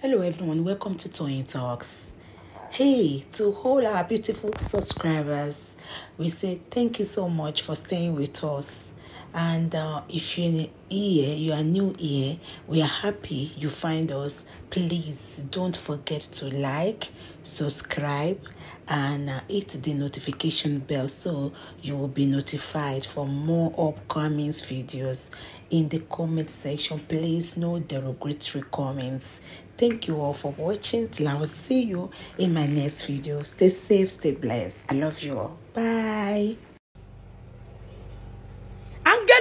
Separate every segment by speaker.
Speaker 1: Hello everyone, welcome to Toyeen Talks. Hey, to all our beautiful subscribers, we say thank you so much for staying with us. And uh, if you're here, you are new here, we are happy you find us. Please don't forget to like, subscribe, and uh, hit the notification bell so you will be notified for more upcoming videos. In the comment section, please no derogatory comments. Thank you all for watching. Till I will see you in my next video. Stay safe, stay blessed. I love you all. Bye.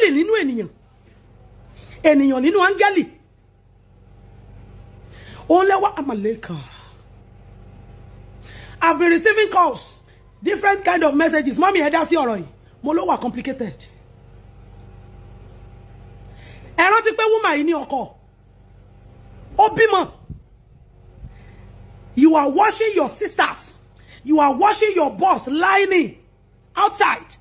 Speaker 1: áńgẹ́lì nínú ènìyàn ènìyàn nínú áńgẹ́lì òun lẹ́wọ́ àmàlẹ́kà I've been receiving calls different kind of messages mọ́mí ẹ̀dá sí ọ̀rọ̀ yìí mo ló wà complicated ẹ rántí pé woman yìí ní ọkọ ó bímọ you are washing your sisters you are washing your boss lining outside.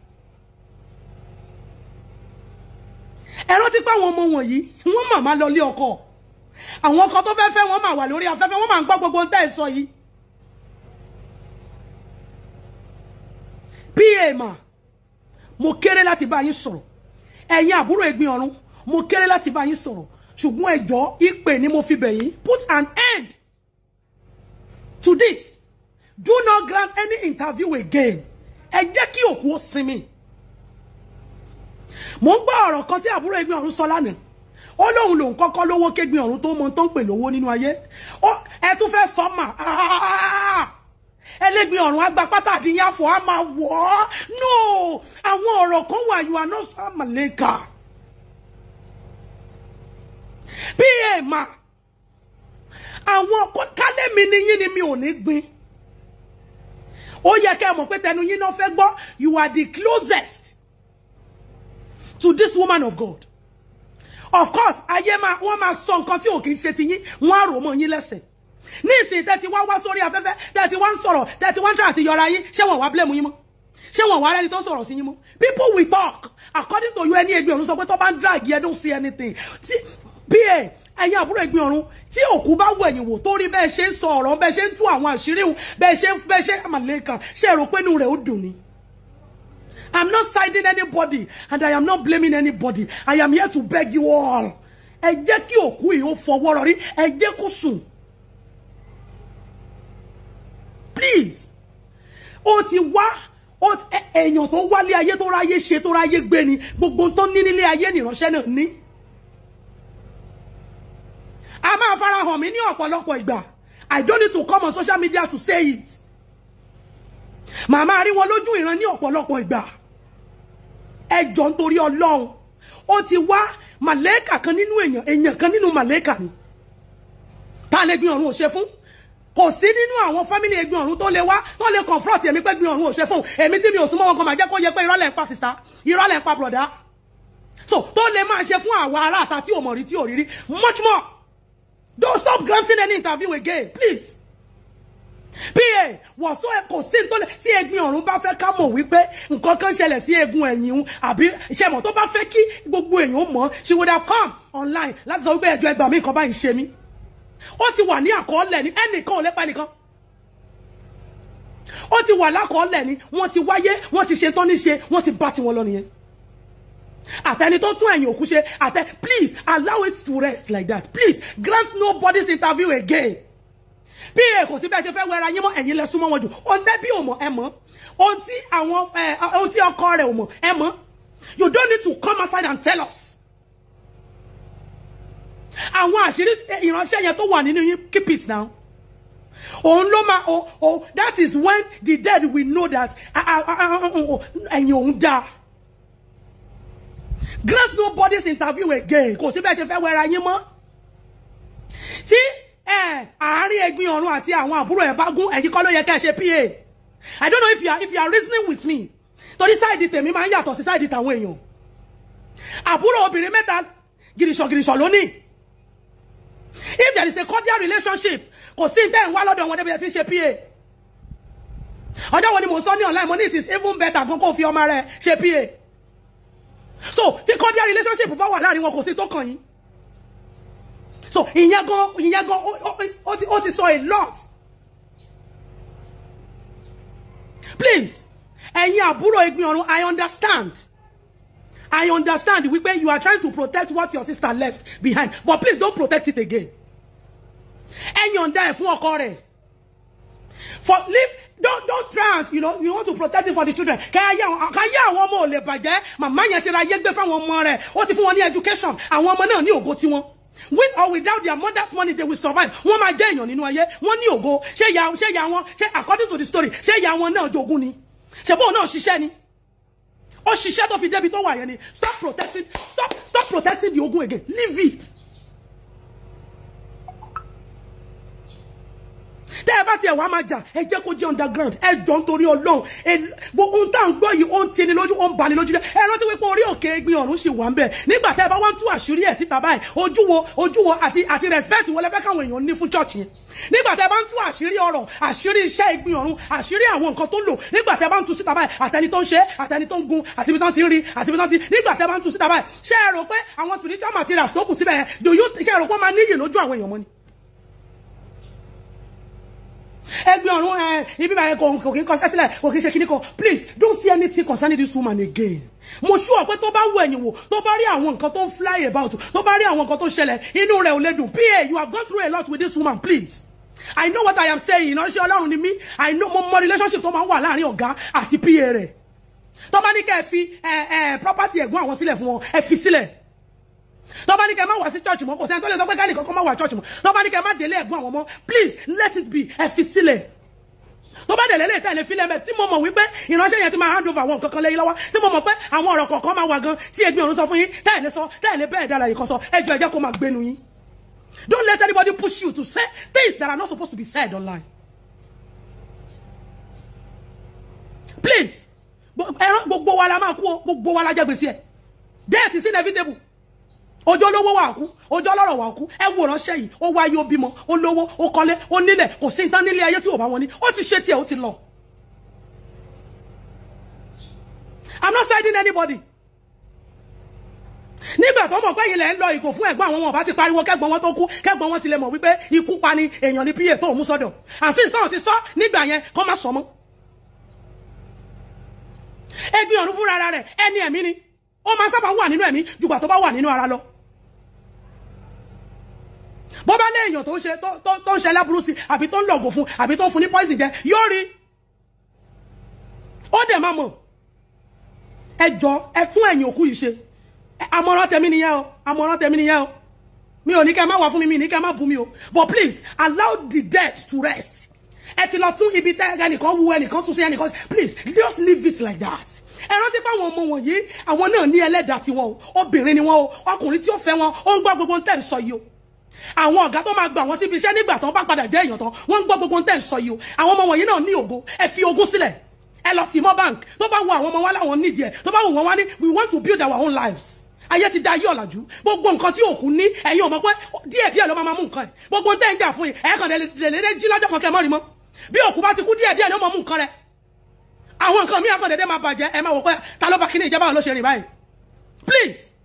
Speaker 1: ẹ rántí pé àwọn ọmọ wọ̀nyí wọ́n mà máa lọ lé ọkọ àwọn ọkọ tó fẹ́ fẹ́ wọ́n mà wà lórí afẹ́fẹ́ wọ́n mà ń gbọ́ gbogbo ń tẹ́ ẹ̀ sọ yìí pa mà mo kéré láti bá yín sọ̀rọ̀ ẹ̀yin àbúrò ẹ̀gbin ọ̀run mo kéré láti bá yín sọ̀rọ̀ ṣùgbọ́n ẹ̀jọ́ ìpè ni mo fi bẹ̀ yín put an end to this do not grant any interview again ẹ jẹ́ kí òkú ó sinmi mo ń gbọ́ ọ̀rọ̀ kan tí àbúrò Ẹgbin Ọ̀run sọ lánàá ó lóun lòun kọ́kọ́ lówó kégbin ọ̀run tó mọ tó ń pè lówó nínú ayé ẹ tún fẹ́ sọ mà ẹlẹ́gbin ọ̀run á gba pátá àdínyàfọ̀ á máa wọ̀ ọ́ no àwọn ọ̀rọ̀ kan wà yóò àná sọ àmàlẹ́kà pm àwọn kálẹ̀mí ni yín ni mi ò ní gbin ó yẹ kẹ́ ẹ mọ̀ pé tẹnu yín náà fẹ́ gbọ́ you are the closest to this woman of God of course ayé máa wọ́n máa sọ nǹkan tí ò kì í ṣe ti yín wọ́n á rò mọ́ yín lẹ́sẹ̀ ní ìsìn tẹ́tí wá wá sórí afẹ́fẹ́ tẹ́tí wá ń sọ̀rọ̀ tẹ́tí wá ń blame yín Mo? ṣé wọ́n wá rẹ́ni tó ń sọ̀rọ̀ sí yín people we talk according to you ẹni ẹgbẹ́ ọ̀run sọ pé tó bá drag yẹn don't see anything tí pa ẹ̀yin àbúrò ẹ̀gbin ọ̀run tí òkú bá wọ ẹ̀yìn wò tó rí bẹ́ẹ̀ ṣe ń sọ ọ̀rọ̀ bẹ́ẹ̀ ṣe ń tú àwọn àṣírí bẹ́ẹ̀ ṣe ń bẹ́ẹ̀ ṣe àmàlẹ́kà ṣe rò ni I'm not siding anybody and I am not blaming anybody. I am here to beg you all. Ẹ jẹ́ kí òkú yìí ó fọwọ́ rọrí, ẹ jẹ́ kó sùn. Please, o ti wá èèyàn tó wálé ayé tó ráyé ṣe tó ráyé gbé ni gbogbo tó ní nílé ayé nìránṣẹ́ náà ní. A máa farahàn mí ní ọ̀pọ̀lọpọ̀ ìgbà. I don't need to come on social media to say it màmá rí wọn lójú ìran ní ọ̀pọ̀lọpọ̀ ìgbà ẹjọ́ nítorí ọlọ́run ó ti wá màlẹ́kà kan nínú èèyàn èèyàn kan nínú màlẹ́kà ni ta lè gbin ọ̀run ò ṣe fún kò sí nínú àwọn fámìlì ẹgbin ọ̀run tó lè wá tó lè confront èmi pé gbin ọ̀run ò ṣe fún èmi tí mi ò súnmọ́ wọn kan máa jẹ́ kó yẹ pé irọ́ lẹ̀ ń pa sista irọ́ lẹ̀ ń pa bùrọ̀dá so tó lè máa ṣe fún àwa aráàta tí ò mọ̀ rí tí ò rí rí much more don't stop granting any interview again please bẹ́ẹ̀ wọ̀sọ́ ẹ kò sí nítorí tí egbin ọ̀run bá fẹ́ ká mọ̀ wípé nǹkan kan ṣẹlẹ̀ sí eegun ẹ̀yìn un àbí ìṣẹ̀mọ̀ tó bá fẹ́ kí gbogbo èèyàn mọ̀ she would have come online láti sọ wípé ẹjọ́ ẹgbàá mi nǹkan báyìí ṣe mí ó ti wà ní àkọọ́lẹ̀ ní ẹnìkan ò lè pa nìkan ó ti wà lákọọ́lẹ̀ ni wọ́n ti wáyé wọ́n ti ṣe tán níṣe wọ́n ti bá tiwọn lọ nìyẹn àtẹni tó tún ẹ̀yìn òkú ṣe àtẹ please allow it to rest like that please grant nobody's interview again pa kò sí bẹ́ẹ̀ ṣe fẹ́ wẹra yín mọ́ ẹ̀yin lẹ súnmọ́ wọn jù ohun tẹ́bí ò mọ̀ ẹ mọ̀ ohun tí àwọn ohun tí ọkọ rẹ̀ ò mọ̀ ẹ mọ̀ you don't need to come outside and tell us. àwọn àṣírí ìránṣẹ́ yẹn tó wà nínú yín keep it now. òun ló máa Oh, oh. that is when the dead we know that ẹ̀yin òun dáa. grant nobody's interview again kò sí bẹ́ẹ̀ ṣe fẹ́ wẹra yín mọ́. tí àárín ẹ̀gbin ọ̀run àti àwọn àbúrò ẹ̀ bá gún ẹ̀yin kọ́ ló yẹ ká ẹ ṣe pa i don't know if you are if you are reasoning with me torí sáìdì tèmi máa ń yàtọ̀ sí sáìdì tàwọn èèyàn àbúrò obìnrin mẹ́ta gìrìṣọ̀ gìrìṣọ̀ lónìí if there is a cordial relationship kò sí ntẹ́ ń wá lọ́dọ̀ wọn débi ẹ̀ ti ṣe pa ọjọ́ wo ni mò sọ ní online money it is even better gan kó fi ọmọ rẹ̀ ṣe pa so tí cordial relationship bá wà láàrin wọn kò sí tó kàn yín so ìyẹn gan ìyẹn gan ó ti ó ti sọ a lot please ẹ̀yin àbúrò Ẹ̀gbin Ọ̀run i understand i understand wípé you are trying to protect what your sister left behind but please don't protect it again ẹ̀yin ọ̀dà ẹ̀ fún ọkọ rẹ̀ for leave don't don't try and you know you want to protect it for the children kàyé àwọn kàyé àwọn ọmọ ò lè bàjẹ́ màmá yẹn ti ra yé gbé fáwọn ọmọ rẹ̀ ó ti fún wọn ní education àwọn ọmọ náà ní ògo tiwọn with or without their mother's money they will survive wọ́n máa jẹ́ èèyàn nínú ayé wọ́n ní ògo ṣé ya ṣé ya wọn ṣé according to the story ṣé ya wọn náà jogún ni ṣe bóun náà ṣiṣẹ́ ni ó ṣiṣẹ́ tó fi débi tó wà yẹn ni stop protecting stop stop protecting the ogun again leave it. tẹ́ ẹ bá tiẹ̀ wá máa jà ẹ jẹ́ kó jẹ́ underground ẹ jọ nítorí ọlọ́run gbogbo ohun tá à ń gbọ́ yìí ó ń tini lójú ó ń bani lójú jẹ́ ẹ rántí wípé orí òkè egbin ọ̀run sì wà ń bẹ̀ nígbà tẹ́ ẹ bá wá ń tú àṣírí ẹ̀ síta báyìí ojú wo ojú wo àti àti respect wo lẹ́fẹ́ káwọn èèyàn ní fún church yẹn nígbà tẹ́ ẹ bá ń tú àṣírí ọ̀rọ̀ àṣírí iṣẹ́ egbin ọ̀run àṣírí àwọn nǹkan tó ń lò nígbà tẹ́ ẹ bá ń tú síta báyìí àtẹni tó ń ṣe àtẹni tó ń gun àti ibi tó ń ti rí àti ibi tó ń ti nígbà tẹ́ ẹ bá ń tú síta báyìí ṣé ẹ rò pé àwọn spiritual materials tó kù síbẹ̀ yẹn do you ṣé ẹ rò pé wọ́n máa níyì lójú àwọn èèyàn mọ́ ẹgbẹ́ ọ̀run ẹ ibi báyẹn kò kì í kọṣẹ́ sílẹ̀ kò kì í ṣe kíní kan please don't see anything concerning this woman again mo sure pé tó bá wo ẹ̀yìn wò tó bá rí àwọn nǹkan tó ń fly about tó bá rí àwọn nǹkan tó ṣẹlẹ̀ inú rẹ̀ ò lè dùn pa you have gone through a lot with this woman please i know what i am saying ìránṣẹ́ ọlọ́run ni mí i know mo mọ relationship tó máa ń wà láàrin ọ̀gá àti pa rẹ̀ tó bá ní kẹ́ ẹ fi property ẹ̀gbọ́n àwọn sílẹ̀ fún wọn ẹ fi sílẹ̀ tó ní kẹ́ má wá sí church mọ́ kò sẹ́ni tó lè sọ pé káàlì kankan má wá church mọ́ tó ní kẹ́ má délé ẹ̀gbọ́n àwọn ọmọ please let it be ẹ fi sílẹ̀ tó bá dẹ̀ tẹ̀lé fílẹ̀ mẹ́ tí mo mọ̀ wípé ìránṣẹ́ yẹn ti máa hand over àwọn nǹkan kan lẹ́yìn lọ́wọ́ tí mo mọ̀ pé àwọn ọ̀rọ̀ kọ̀ọ̀kan máa wà gan tí ẹgbẹ́ ọ̀run sọ fún yín tẹ̀lé sọ tẹ̀lé bẹ́ẹ̀ dára yìí kan sọ ẹjọ́ ẹjẹ́ kó máa gbénu yín don't let anybody push you to say things that are not supposed to be said online please gbogbo wa la máa kú o gbogbo wa la jẹ gbèsè ẹ death is inevitable ọjọ́ lówó wà kú ọjọ́ lọ́rọ̀ wà kú ẹ wo ránṣẹ́ yìí ó wáyé ó bímọ ó lówó ó kọ́lé ó nílẹ̀ kò sí nǹkan nílé ayé tí ò bá wọn ní ó ti ṣe tiẹ̀ ó ti lọ. I'm not siding anybody. nígbà tó mọ̀ pé yìí lẹ̀ ń lọ ìgò fún ẹ̀gbọ́n àwọn ọmọ ọba ti pariwo kẹ́gbọ́n wọn tó kú kẹ́gbọ́n wọn tilẹ̀ mọ̀ wípé ikú pa ni èèyàn ni pa tó mú sọ́dọ̀ àṣìṣe ọ̀run fúnra rẹ̀ ẹni ẹ̀mí ni ó máa sábà wà nínú ẹ̀mí jùgbà tó bá wà nínú ara lọ bó bá lé èèyàn tó ń ṣe tó ń ṣe láburú sí àbí tó ń lọ̀gùn fún àbí tó ń fún ní poison jẹ yóò rí ó dẹ̀ máa mọ̀ ẹ jọ ẹ tún ẹ̀yìn òkú yìí ṣe àmọ̀ràn tèmi nìyẹn o àmọ̀ràn tèmi nìyẹn o mi ò ní kẹ́ má wá fún mi mi ní kẹ́ má bú mi o but please allow the dead to rest ẹ ti lọ tún ibi tẹ́ ẹnìkan wú ẹnìkan tún sí ẹnìkan please just leave it like that ẹ rántí pé àwọn ọmọ wọ̀nyí àwọn náà ní ẹlẹ́dàá tiwọn o obìnrin ni wọn o ọkùnrin tí ó fẹ́ wọn ó ń gbọ́ gbogbo ń tẹ̀ sọ yìí o àwọn ọ̀gá tó máa gba àwọn síbi iṣẹ́ nígbà tán bá padà jẹ́ èèyàn tán wọ́n ń gbọ́ gbogbo tẹ́ ń sọ yìí o àwọn ọmọ wọ̀nyí náà ní ògo ẹ fi ogún sílẹ̀ ẹ lọ tì mọ́ bank tó bá wo àwọn ọmọ wa láwọn nídìí ẹ tó bá wo wọn wá ní we want to build our own lives ayé ti da ayé ọ̀làjú gbogbo nǹkan tí òkú ní ẹ̀yin ọmọ pé díẹ̀ díẹ̀ ló máa mú nǹkan ẹ̀ gbogbo tẹ́ ń jà fún yìí ẹ̀ kàn dédé jí lọ́jọ́ kan kẹ́ mọ́ rí mọ́ bí òkú bá ti kú díẹ̀ díẹ̀ ló máa mú nǹkan rẹ̀ àwọn nǹkan mí àkàn dédé máa bàjẹ́ ẹ máa wò pé ta ló bá kí ní ìjọba ló ṣe rìn báyìí please